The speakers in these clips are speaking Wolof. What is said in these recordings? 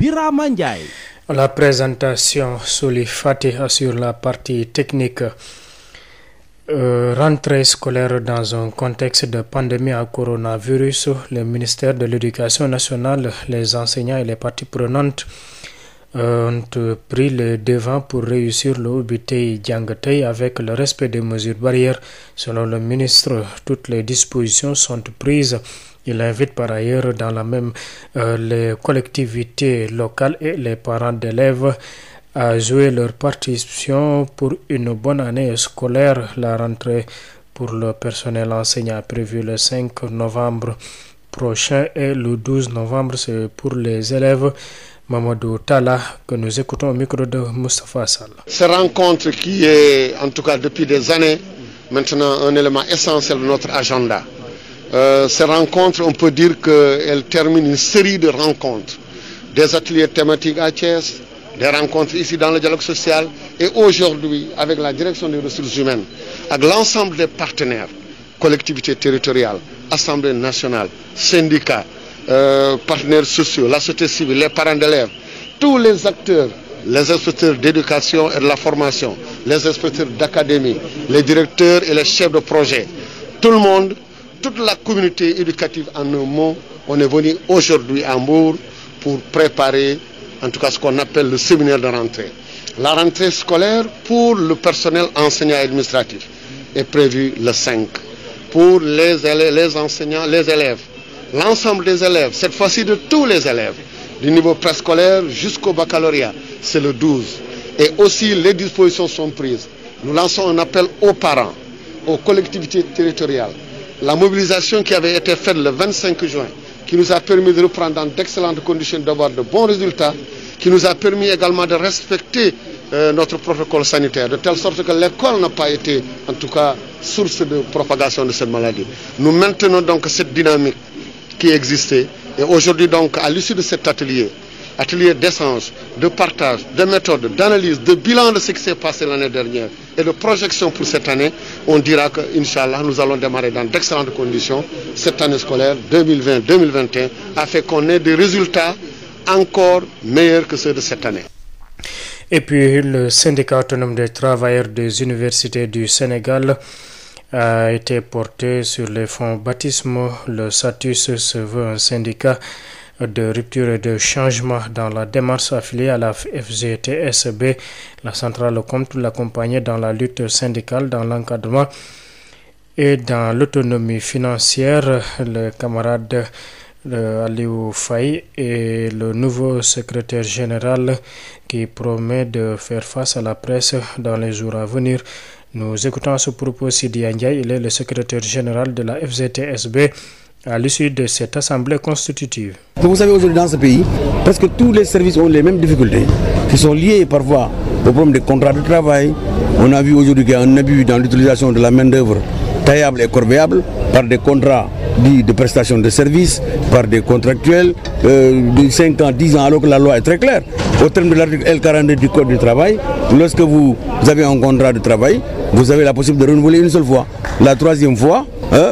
Birama Ndiaye. La présentation soli Fati assure la partie technique. Euh, rentrée scolaire dans un contexte de pandémie à coronavirus, le ministère de l'Éducation nationale, les enseignants et les parties prenantes euh, ont pris les devants pour réussir le Ubbi Tey Jàng Tey avec le respect des mesures barrières. Selon le ministre, toutes les dispositions sont prises Il invite par ailleurs dans la même euh, les collectivités locales et les parents d'élèves à jouer leur partition pour une bonne année scolaire. La rentrée pour le personnel enseignant prévue le 5 novembre prochain et le 12 novembre, c'est pour les élèves. Mamadou Tala, que nous écoutons au micro de Moustapha Sall. Cette rencontre qui est, en tout cas depuis des années, maintenant un élément essentiel de notre agenda. Euh, ces rencontres, on peut dire qu'elles terminent une série de rencontres, des ateliers thématiques à Thiès, des rencontres ici dans le dialogue social et aujourd'hui avec la direction des ressources humaines, avec l'ensemble des partenaires, collectivités territoriales, assemblée nationale, syndicats, euh, partenaires sociaux, la société civile, les parents d'élèves, tous les acteurs, les inspecteurs d'éducation et de la formation, les inspecteurs d'académie, les directeurs et les chefs de projet, tout le monde toute la communauté éducative en un mot, on est venu aujourd'hui à pour préparer en tout cas ce qu'on appelle le séminaire de rentrée. La rentrée scolaire pour le personnel enseignant et administratif est prévue le 5. Pour les élèves, les enseignants, les élèves, l'ensemble des élèves, cette fois-ci de tous les élèves, du niveau préscolaire jusqu'au baccalauréat, c'est le 12. Et aussi les dispositions sont prises. Nous lançons un appel aux parents, aux collectivité territoriales, La mobilisation qui avait été faite le 25 juin, qui nous a permis de reprendre dans d'excellentes conditions, d'avoir de bons résultats, qui nous a permis également de respecter euh, notre protocole sanitaire, de telle sorte que l'école n'a pas été, en tout cas, source de propagation de cette maladie. Nous maintenons donc cette dynamique qui existait. Et donc, à l'issue de cet atelier, atelier d'essence, de partage, de méthode, d'analyse, de bilan de ce qui s'est passé l'année dernière et de projection pour cette année, on dira que, Inch'Allah, nous allons démarrer dans d'excellentes conditions. Cette année scolaire 2020-2021 a fait qu'on ait des résultats encore meilleurs que ceux de cette année. Et puis, le syndicat autonome des travailleurs des universités du Sénégal a sur les fonds baptismaux. Le SATUS se veut syndicat de rupture et de changement dans la démarche affiliée à la FGTSB. La centrale compte l'accompagner dans la lutte syndicale, dans l'encadrement et dans l'autonomie financière. Le camarade euh, Aliou Faye est le nouveau secrétaire général qui promet de faire face à la presse dans les jours à venir. Nous écoutons à ce propos Sidy Ndiaye, il est le secrétaire général de la FGTSB. à l'issue de cette assemblée constitutive. Vous savez, aujourd'hui dans ce pays, presque tous les services ont les mêmes difficultés, qui sont liées parfois au problème des contrats de travail. On a vu aujourd'hui qu'il y a un abus dans l'utilisation de la main-d'œuvre taillables et corvéables par des contrats dits de prestation de services, par des contractuels euh, de 5 ans, 10 ans, alors que la loi est très claire. Au terme de l'article L42 du Code du travail, lorsque vous avez un contrat de travail, vous avez la possibilité de renouveler une seule fois. La troisième fois,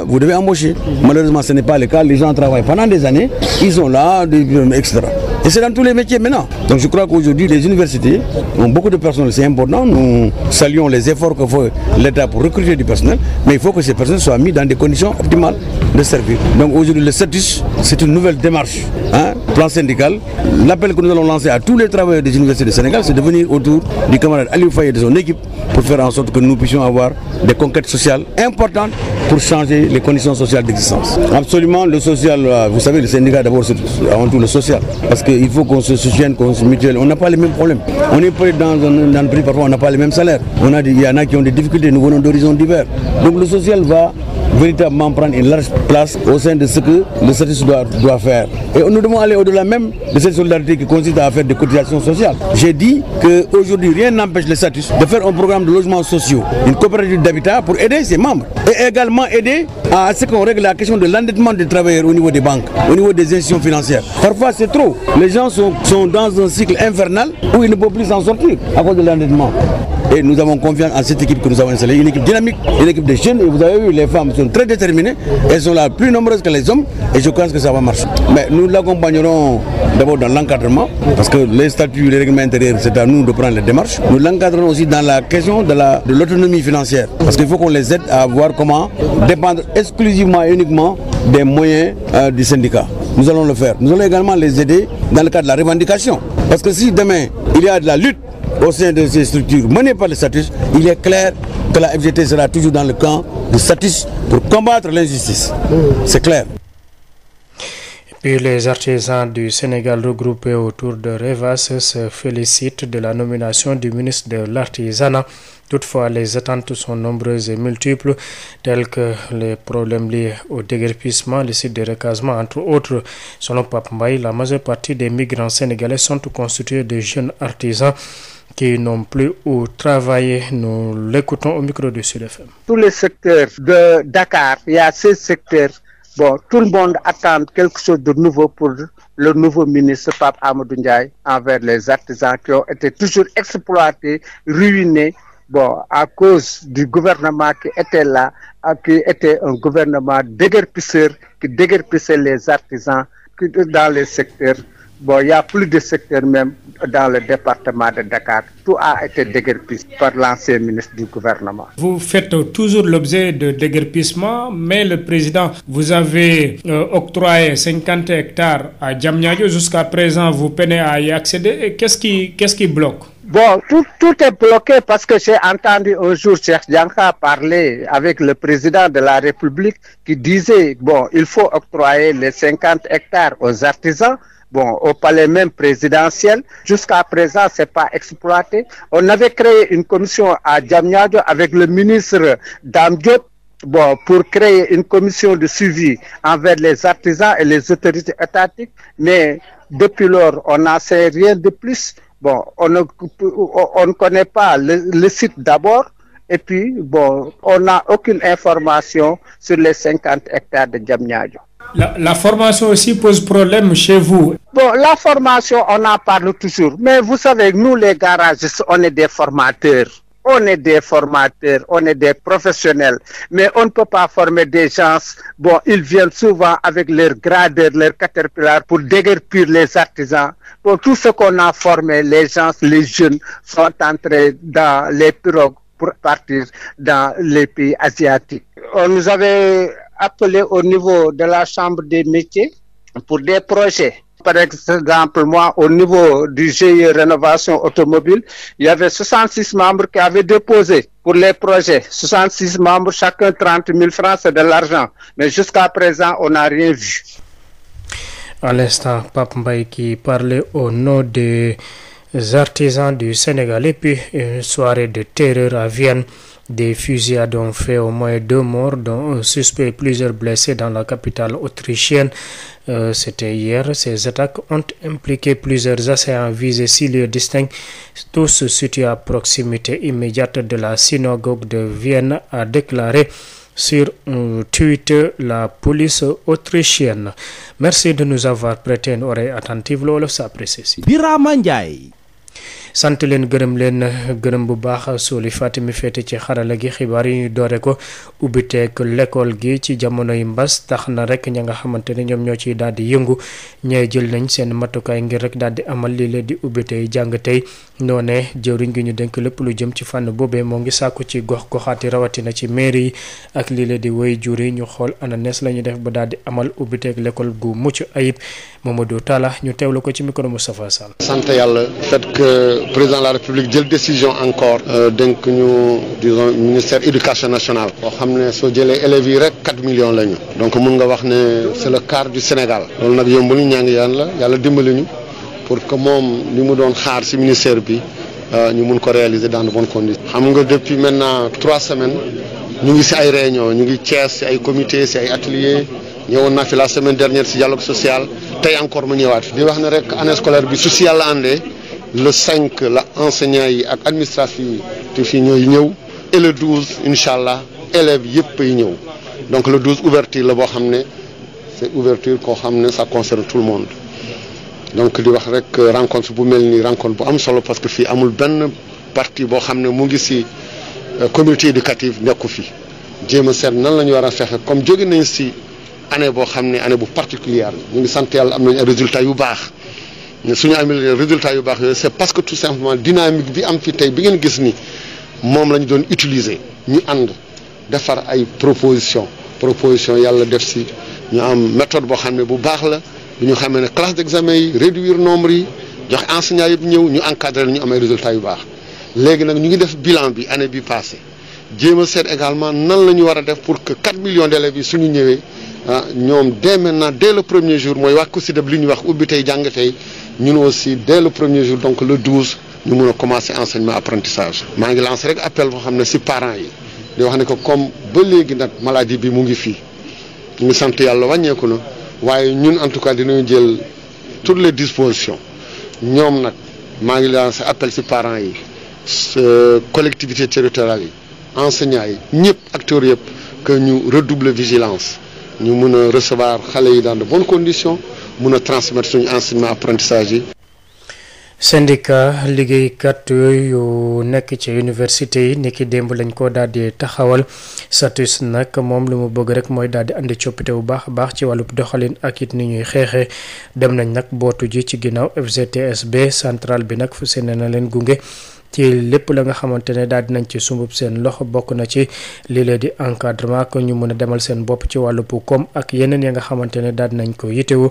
vous devez embaucher. Malheureusement, ce n'est pas le cas. Les gens travaillent pendant des années, ils sont là, euh, etc. Et c'est dans tous les métiers maintenant. Donc je crois qu'aujourd'hui, les universités ont beaucoup de personnel. C'est important. Nous saluons les efforts que fait l'État pour recruter du personnel, mais il faut que ces personnes soient mises dans des conditions optimales de servir. Donc aujourd'hui, le statut, c'est une nouvelle démarche. Hein, plan syndical. L'appel que nous allons lancer à tous les travailleurs des universités du Sénégal, c'est de venir autour du camarade Aliou Faye et de son équipe pour faire en sorte que nous puissions avoir des conquêtes sociales importantes pour changer les conditions sociales d'existence. Absolument, le social, euh, vous savez, le syndicat d'abord, c'est avant tout le social. Parce qu'il faut qu'on se soutienne, qu'on se mutuelle. On n'a pas les mêmes problèmes. On est prêt dans un entreprise, parfois on n'a pas les mêmes salaires. On a des, il y en a qui ont des difficultés, nous venons d'horizons divers. Donc le social va véritablement prendre une large place au sein de ce que le service doit, faire. Et nous devons aller au-delà même de cette solidarité qui consiste à faire des cotisations sociales. J'ai dit qu'aujourd'hui, rien n'empêche le statut de faire un programme de logements sociaux, une coopérative d'habitat pour aider ses membres et également aider à ce qu'on règle la question de l'endettement des travailleurs au niveau des banques, au niveau des institutions financières. sont très déterminées, mhm. elles sont là plus nombreuses que les hommes et je pense que ça va marcher. Mais nous l'accompagnerons d'abord dans l'encadrement, parce que les statuts, les règlements intérieurs, c'est à nous de prendre les démarches. Nous l'encadrons aussi dans la question de l'autonomie financière, parce qu'il faut qu'on les aide à voir comment dépendre exclusivement et uniquement des moyens euh, du syndicat. Nous allons le faire. Nous allons également au sein de ces structures menées par le SATUS, il est clair que la FGT sera toujours dans le camp du SATUS pour combattre l'injustice. C'est clair. Puis les artisans du Sénégal regroupés autour de Revas se félicitent de la nomination du ministre de l'Artisanat. Toutefois, les attentes sont nombreuses et multiples, telles que les problèmes liés au déguerpissement, les sites de recasement, entre autres. Selon Pape Mbaye, la majeure partie des migrants sénégalais sont constitués de jeunes artisans qui n'ont plus où travailler. Nous l'écoutons au micro de Sud FM. Tous les secteurs de Dakar, y a ces secteurs. Bon, tout le monde attend quelque chose de nouveau pour le nouveau ministre Pape Amadou Ndiaye envers les artisans qui ont été toujours exploités, ruinés, bon, à cause du gouvernement qui était là, euh, qui était un gouvernement déguerpisseur, qui déguerpissait les artisans dans les secteurs bon y' a plus de secteurs même dans le département de Dakar tout a été déguerpi par l'ancien ministre du gouvernement. Vous faites toujours l'objet de déguerpissement mais le président vous avez euh, octroyé cinquante hectares à Diamniadio jusqu'à présent vous peinez à y accéder qu'est-ce qui qu'est-ce qui bloque? Bon, tout tout est bloqué parce que j'ai entendu un jour Cheikh Dianka parler avec le président de la République qui disait bon, il faut octroyer les cinquante hectares aux artisans bon, au palais même présidentiel. Jusqu'à présent, c'est pas exploité. On avait créé une commission à Diamniadio avec le ministre Dame Diop bon, pour créer une commission de suivi envers les artisans et les autorités étatiques, mais depuis lors, on n'en sait rien de plus. Bon, on ne, on ne connaît pas le, le site d'abord, et puis, bon, on n'a aucune information sur les 50 hectares de Diamniadio. La, formation aussi pose problème chez vous. la formation, on a parle toujours. Mais vous savez, nous, les garagistes, on est des formateurs. On est des formateurs, on est des professionnels, mais on ne peut pas former des gens. Bon, ils viennent souvent avec leur gradeur, leur caterpillar pour déguerpir les artisans. Bon, tout ce qu'on a formé, les gens, les jeunes, sont entrés dans les pirogues pour partir dans les pays asiatiques. nous avait appelé au niveau de la chambre des métiers pour des projets. Par exemple, au niveau du GIE Rénovation Automobile, il y avait 66 membres qui avaient déposé pour les projets. 66 membres, chacun 30 000 francs, c'est de l'argent. Mais jusqu'à présent, on n'a rien vu. À l'instant, Pape Mbaye qui parlait au nom des artisans du Sénégal et puis de terreur Des fusillades ont fait au moins deux morts, dont un suspect et plusieurs blessés dans la capitale autrichienne. Euh, c'était hier. Ces attaques ont impliqué plusieurs assaillants visés six lieux distincts, tous situés à proximité immédiate de la synagogue de Vienne, a déclaré sur un tweet la police autrichienne. Merci de nous avoir prêté une oreille attentive. Loolu sant leen gërëm leen gërëm bu baax Soli Fatimi féete ci xarala gi xibaar yi ñu doore ko ubbiteek l'école gi ci jamonoy mbas tax na rek ña nga xamante ne ñoom ñoo ciy daal di yëngu ñee jël nañ seen matukaay ngir rek daal di amal lii leen di ubbitey jàng tey noo ne jëwriñ gi ñu dénk lépp lu jëm ci fànn boobee moo ngi sàkku ci gox goxaati rawatina ci mairie yi ak lii leen di woy jur yi ñu xool ana nees la ñu def ba daal di amal ubbiteek l'école gu mucc ayib Mamadou Talla ñu teewlu ko ci micro Moustapha président de la république jël décision encore euh, dénk ñu disons ministère éducation nationale boo xam ne soo jëlee élèves yi rek quatre millions la donc mun nga wax ne c'est le quart du Sénégal loolu nag yombul nu ngi yaan la yàlla dimbali ñu pour que moom li mu doon xaar ci ministère bi euh, ñu mun ko réaliser dans de bonnes conditions xam nga depuis maintenant trois semaines ñu ngi ci ay réunion ñu ngi Thiès ci ay comité ci ay atelier ñëwoon naa fi la semaine dernière ci dialogue social tey encore mu ñëwaat fi di wax ne rek année scolaire bi su ci yàlla àndee le 5 la enseignants yi ak administratif yi ñooy ñëw et le 12 incha allah élèves yëpp ay ñëw donc le 12 ouverture la boo xam ne c'est ouverture koo xam ne ça concerne tout le monde donc di wax rek rencontre bu mel ni rencontre bu am solo parce que fii amul benn parti boo xam ne mu ngi si euh, communauté éducative nekku fi jéem a seet nan lañu war a fexe comme jóge nañ si année boo xam ne année bu particulière mu ngi sant yàlla am nañ ay résultats yu baax. suñu amee résultat yu baax yooyu c'est parce que tout simplement dynamique bi am fi tey bi ngeen gis ni moom la doon utiliser ñu ànd defar ay proposition proposition yàlla def si ñu am méthode boo xam ne bu baax la bu ñu xam ne classe d'examen yi réduire nombre yi joxe enseignants yëpp ñëw ñu encadré la ñu amay résultat yu baax léegi nag ñu ngi def bilan bi anne bi passée jéem a seet également nan la ñu war a def pour que 4 millions d'élèves yi suñu ñëwee ah ñoom dès maintenant le premier jour mooy wax ko li ñu wax ubbi tey jàng ñun aussi dès le premier jour donc le 12 ñu mun a commencer enseignement apprentissage. maa ngi lancé rek appel boo xam ne si parents yi di wax ne ko comme ba léegi nag maladie bi mu ngi fii ñu ngi sant yàlla wàññeeku na waaye ñun en tout cas dinañu jël toutes les dispositions ñoom nag maa ngi lancé appel si parent yi collectivité territoriale yi enseignants yi ñëpp acteurs yëpp que ñu redoubler vigilance ñu mun a recevoir xale yi dans de bonnes conditions. mun a transmettre suñu enseignement apprentissage yi. syndicat liggéeykat yooyu yu nekk ci université yi ni ki démb lañ ko daal di taxawal status nag moom lu mu bëgg rek mooy daal di andi coppite bu baax a baax ci wàllu doxalin ak it ni ñuy xeexee dem nañ nag bootu ji ci ginnaaw FGTSB centrale bi nag fu seen na leen gunge. ci lépp la nga xamante ne daal dinañ ci sumbub seen loxo bokk na ci lii lee di encadrement ko ñu mën a demal seen bopp ci wàllu bu koom ak yeneen ya nga xamante ne daal dinañ ko yitewu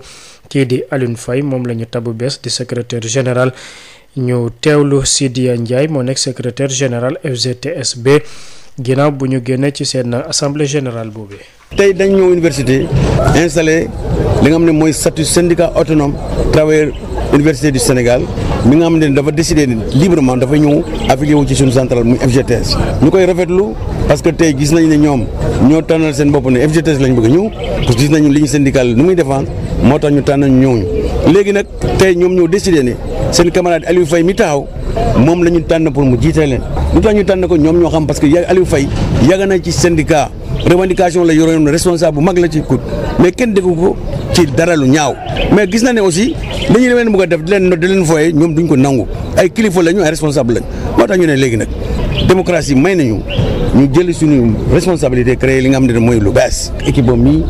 kii di Alioune Faye moom la ñu tabu bees di secretaire général ñu teewlu Sidiya Ndiaye moo nekk secrétaire général FGTSB ginnaaw bu ñu génnee ci seen assemblée général boobu. tey dañ ñëw université installé li nga ne mooy statut syndicat autonome travailleur université du Sénégal. mi nga xam ne dafa décidé librement dafa ñëw affilié wu ci suñu centrale FGTS ñu koy rafetlu parce que tey gis nañ ne ñoom ñoo tànnal seen bopp ne FGTS lañ bëgg ñëw parce que gis nañu ligne syndicale nu muy défendre moo tax ñu tànnal ñu léegi nag tey ñoom ñoo décidé ne seen camarade Aliou Faye mi taxaw moom la ñu tànn pour mu jiite leen lu tax ñu tànn ko ñoom ñoo xam parce que Aliou Faye yàgg na ci syndicat revendication la yoroon responsable bu mag la ci kut mais kenn ci dara lu ñaaw mais gis na aussi li ñu leen bëgg a def di ñoom duñ ko nangu ay kilifa lañu ay responsable lañ moo tax ñu ne léegi nag démocratie may nañu ñu jël suñu responsabilité créer li nga xam ne mooy lu bees équipe boobu ñi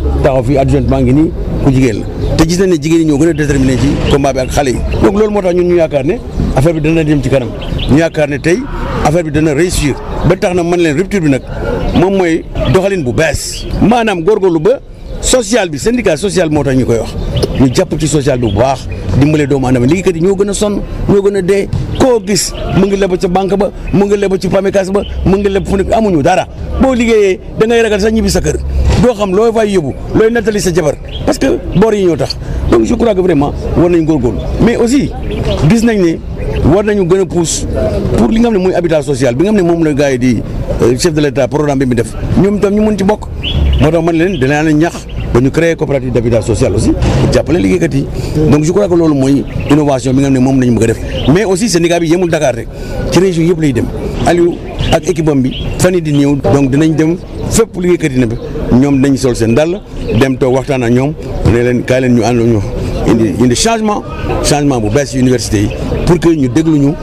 fi adjointe maa ngi nii ku jigéen la te gis na ne jigéen ñi ñoo gën a déterminé ci combat donc loolu moo tax ñun ñu yaakaar ne affaire bi dana dem ci kanam ñu yaakaar ne tey affaire bi dana réussir ba tax na man leen rupture bi nag moom mooy doxalin bu bees maanaam góorgóorlu ba social bi syndicat social moo tax ñu koy wax ñu jàpp ci social bi bu baax dimbale doomu aadama liggéeykat yi ñoo gën a sonn ñoo gën a dee koo gis mu ngi leb ca banque ba mu ngi leb ci PAMECAS ba mu ngi leb fu nekk amuñu dara boo liggéeyee da ngay ragal sax ñibbi sa kër doo xam looy fay yóbbu looy nettali sa jabar parce que bor yi ñoo tax donc je crois que vraiment war nañ góorgóorlu mais aussi gis nañ ne war nañu gën a pousse pour li nga xam ne mooy habitat social bi nga xam ne moom la gars yi di euh, chef de l' état programme bi mu def ñoom itam ñu mën ci bokk moo tax man leen dinaa leen ñax ba ñu créé coopérative d'habitat social aussi pour jàppale liggéeykat yi donc je crois que loolu mooy innovation bi nga xam ne moom la ñu bëgg a def mais aussi Sénégal bi yemul Dakar rek ci région yëpp lay dem Aliou ak équipe am bi fan yii di ñëw donc dinañ dem fépp liggéeykat yi ne bi ñoom dañ sol seen dàll dem toog waxtaan ak ñoom ne leen kaay leen ñu ànd ñu indi changement changement bu bees université yi pour que ñu déglu ñu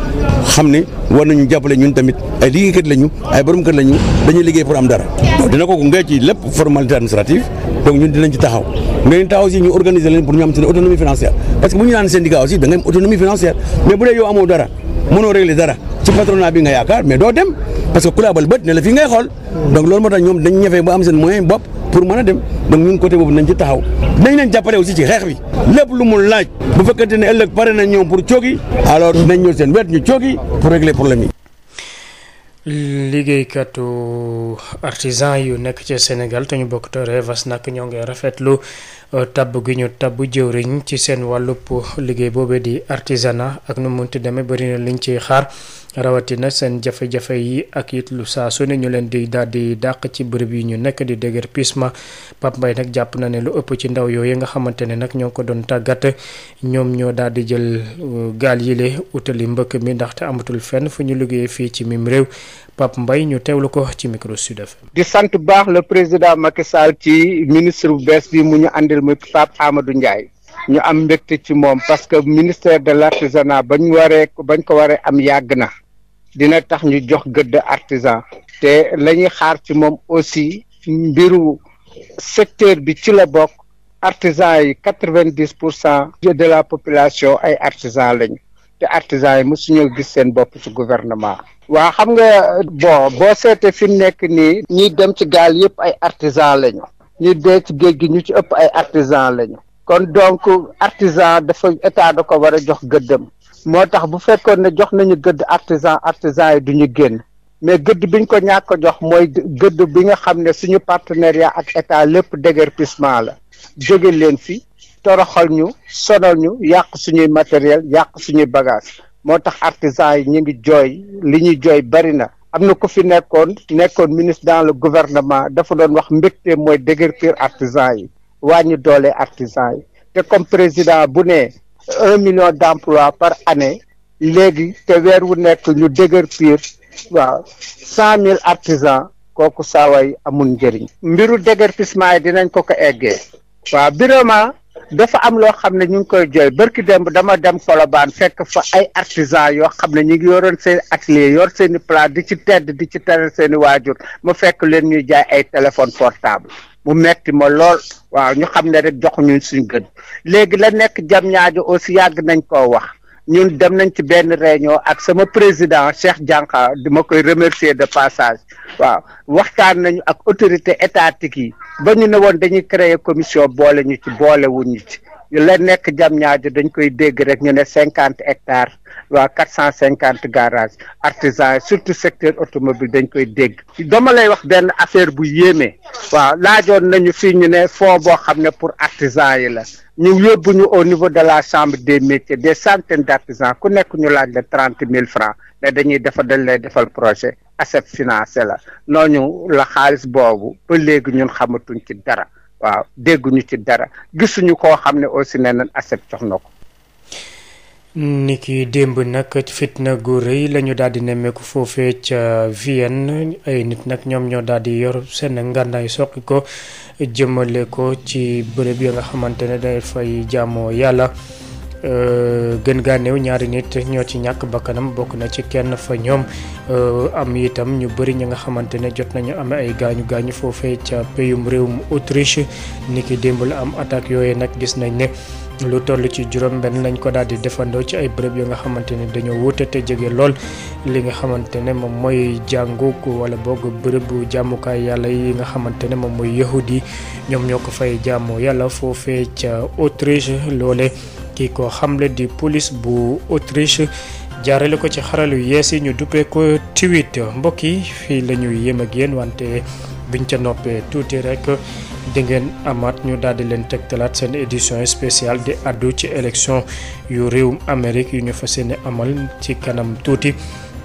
xam ne war nañu jàppale ñun tamit ay liggéeykat lañu ay borom kër lañu dañuy liggéey pour am dara dina ko gunge ci lépp formalité administrative donc ñun dinañ ci taxaw mais ñu taxaw aussi ñu organiser leen pour ñu am seen autonomie financière parce que bu ñu naan syndicat aussi da nga am autonomie financière mais bu dee yow amoo dara mënoo régler dara ci patronat bi nga yaakaar mais doo dem parce que ku la abal bët ne la fii ngay xool donc loolu moo pour mën a dem donc ñun côté boobu nañ ci taxaw nañ leen jàppale aussi ci xeex bi lépp lu mu laaj bu fekkante ne ëllëg pare na ñoom pour coogi alors nañ ñëw seen wet ñu coogi pour régler problème yi. liggéeykatu artisan yu nekk ci Sénégal te ñu bokk te Revas nag ñoo ngi rafetlu euh, tabb gi ñu tabb jëwriñ ci seen wàllu wàllub liggéey boobee di artisanat ak nu mu munti demee bëri na liñ ci xaar. rawatina seen jafe-jafe yi ak yitlu lu saa su ñu leen di daal di dàq ci bërëb yi ñu nekk di dëgër pisma Pape mbay nag jàpp na ne lu ëpp ci ndaw yooyu nga xamante ne nag ñoo ko doon tàggat ñoom ñoo daal di jël euh, gaal yile utali mbëkk mi ndaxte amatul fenn fu ñu liggéeye fii ci mim réew Pape Mbaye ñu teewlu ko ci micro Sud FM. di sant baax la président Macky Sall ci ministre bu bees bi mu ñu àndil muy Pape Amadou Ndiaye. ñu am mbégte ci moom parce que ministère de l'artisanat bañ waree bañ ko waree am yàgg na. dina tax ñu jox gëdd artisan te la ñuy xaar ci moom aussi mbiru secteur bi ci la bokk artisan yi quatre vingt dix pour cent de la population ay artisan lañu te artisan yi mosuñoo gis seen bopp ci gouvernement waa xam nga bon boo seete fi mu nekk nii ñuy dem ci gaal yëpp ay artisan lañu ñu dee ci géej gi ñu ci ëpp ay artisan lañu kon donc artisan dafa état da ko war a jox gëddam moo tax bu fekkoon ne jox nañu gëdd artisan artisan yi du ñu génn mais gëdd biñ ko ñàkk jox mooy gëdd bi nga xam ne suñu partenariat ak état lépp déguerpissement la jóge leen fi toroxal ñu sonal ñu yàq suñuy matériel yàq suñuy bagage moo tax artisan yi ñu ngi jooy li ñuy jooy bari na am na ko fi nekkoon nekkoon ministre dans le gouvernement dafa doon wax mbégte mooy déguerpir artisan yi wàññi doole artisan yi te comme président bu nee un million d' par année léegi te weer wu nekk ñu dëgër piir waaw cent mille artisans kooku saaway amul njëriñ mbiru déguerpissement yi dinañ ko ko eggee waaw Birama dafa am loo xam ne ñu ngi koy jooy barki démb dama dem Colobane fekk fa ay artisan yoo xam ne ñu ngi yoroon seen atelier yor seen i place di ci tedd di ci teral seen i waajur mu fekk leen ñuy jaay ay téléphone portable mu metti ma lool waaw ñu xam ne rek joxuñu suñu gën léegi la nekk jam ñaajo aussi yàgg nañ koo wax ñun dem nañ ci benn réunion ak sama président Cheikh Dianka di ma koy remercier de passage waaw waxtaan nañu ak autorité étatique yi ba ñu ne woon dañuy créer commission boole ñu ci boole wuñu ci la nekk jam ñaajo dañ koy dégg rek ñu ne cinquante hectares waa quatre cent cinquante garages artisans surtout secteur automobile dañ koy dégg dama lay wax benn affaire bu yéeme waaw laajoon nañu fii ñu ne fonds boo xam ne pour artisans yi la ñu yóbbu ñu au niveau de la chambre des métiers de centaines d' artisans ku nekk ñu laaj la trente mille francs mais dañuy defal dañu lay defal projet asset financé la nooñu la xaalis boobu ba léegi ñun xamatuñ ci dara waaw dégguñu ci dara gisuñu koo xam ne aussi ne nan asset jox na ko ni ki démb nag fitna gu rëy lañu ñu daal di nemmeeku foofee ca Vienne ay nit nag ñoom ñoo daal di yor seen ngànnaay soqi ko jëmale ko ci bërëb ya nga xamante ne dafay jaamoo yàlla Euh, gën gaa ñaari nit ñoo ci ñàkk bakkanam bokk na ci kenn fa ñoom euh, am itam ñu bëri ñu nga xamante ne jot nañu am ay gaañu gaañu foofee ca péyum réewum Autriche ni ki démb la am attaque yooyu nag gis nañ ne. lu toll ci juróom benn lañ ko daal di defandoo ci ay bërëb yu nga xamante ne dañoo wuute te jege lool li nga xamante ne moom mooy jàngu wala boog bërëbu jàmmukaay yàlla yi nga xamante ne moom mooy yahudi ñoom ñoo ko fay jàmmoo yàlla foofee ca Autriche loole. ki ko xamle di police bu Autriche jaarale ko ci xaralu yees yi ñu duppee ko tweet mbokk yi fii la ñuy yem ak yéen wante biñ ca noppee tuuti rek di ngeen amaat ñu daal di leen tegtalaat seen édition spéciale di addu ci élection yu réewum Amérique yu ñu fas yéene amal ci kanam tuuti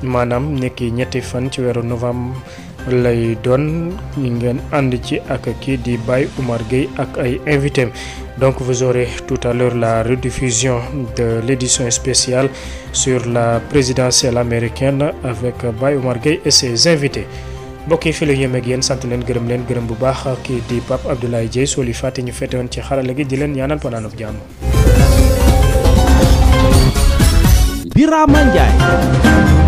maanaam nekki ñetti fan ci weeru novembre lay doon ngeen ànd ci ak kii di Baye Oumar Gueye ak ay invitéem Donc vous aurez tout à l'heure la rediffusion de l'édition spéciale sur la présidentielle américaine avec Baye Omar Gueye et ses invités mbokk yi fi la yem ak leen gërëm leen gërëm bu baax kii di Pape Abdoulaye Dieye soo li fàtte ñu fete woon ci xarala gi di leen ñaanal panaanub jàmm. Birama Ndiaye.